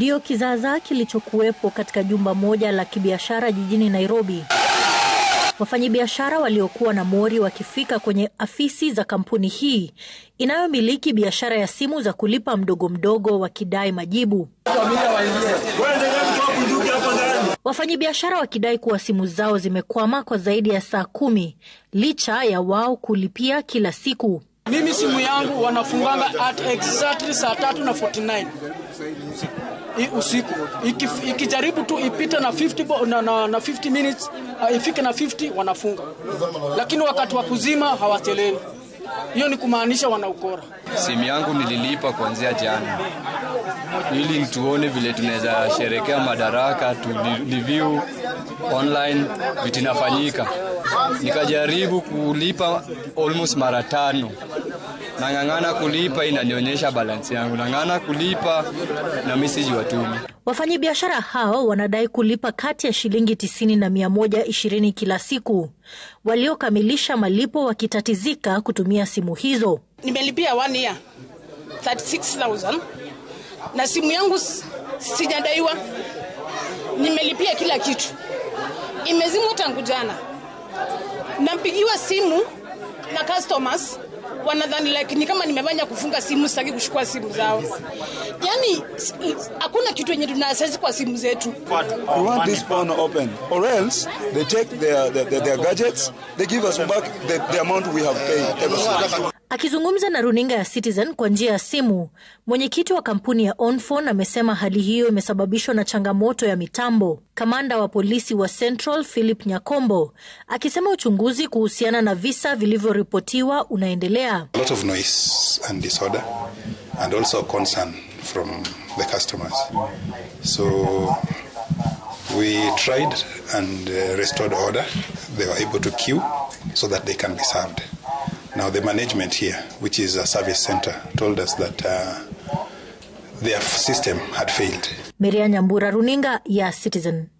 ndio kizaazaa kilichokuwepo katika jumba moja la kibiashara jijini Nairobi. Wafanyabiashara waliokuwa na mori wakifika kwenye afisi za kampuni hii inayomiliki biashara ya simu za kulipa mdogo mdogo wakidai majibu. Wafanyabiashara wakidai kuwa simu zao zimekwama kwa zaidi ya saa kumi licha ya wao kulipia kila siku mimi simu yangu wanafunganga at exactly saa tatu na 49 I, usiku ikijaribu iki tu ipite na 50, na, na, na 50 minutes uh, ifike na 50 wanafunga, lakini wakati wa kuzima hawachelewi. Hiyo ni kumaanisha wanaukora. Simu yangu nililipa kuanzia jana ili tuone vile tunaweza sherekea madaraka, tu review online vitinafanyika. Nikajaribu kulipa almost mara tano nang'ang'ana kulipa, inanionyesha balansi yangu, nang'ang'ana kulipa na misiji watumi. Wafanyabiashara hao wanadai kulipa kati ya shilingi 9 na 120 kila siku, waliokamilisha malipo wakitatizika kutumia simu hizo. Nimelipia one year 36000 na simu yangu sijadaiwa, nimelipia kila kitu, imezimwa tangu jana. Nampigiwa simu na customers wanadhani like ni kama nimefanya kufunga simu, sitaki kuchukua simu zao. Yani hakuna kitu yenye tunasaizi kwa simu zetu. We want this phone open or else they take their, their, their, their gadgets, they give us back the, the amount we have paid. Akizungumza na runinga ya Citizen kwa njia ya simu, mwenyekiti wa kampuni ya Onphone amesema hali hiyo imesababishwa na changamoto ya mitambo. Kamanda wa polisi wa Central Philip Nyakombo akisema uchunguzi kuhusiana na visa vilivyoripotiwa unaendelea. So Now the management here, which is a service center, told us that uh, their system had failed. Maria Nyambura, runinga ya Citizen.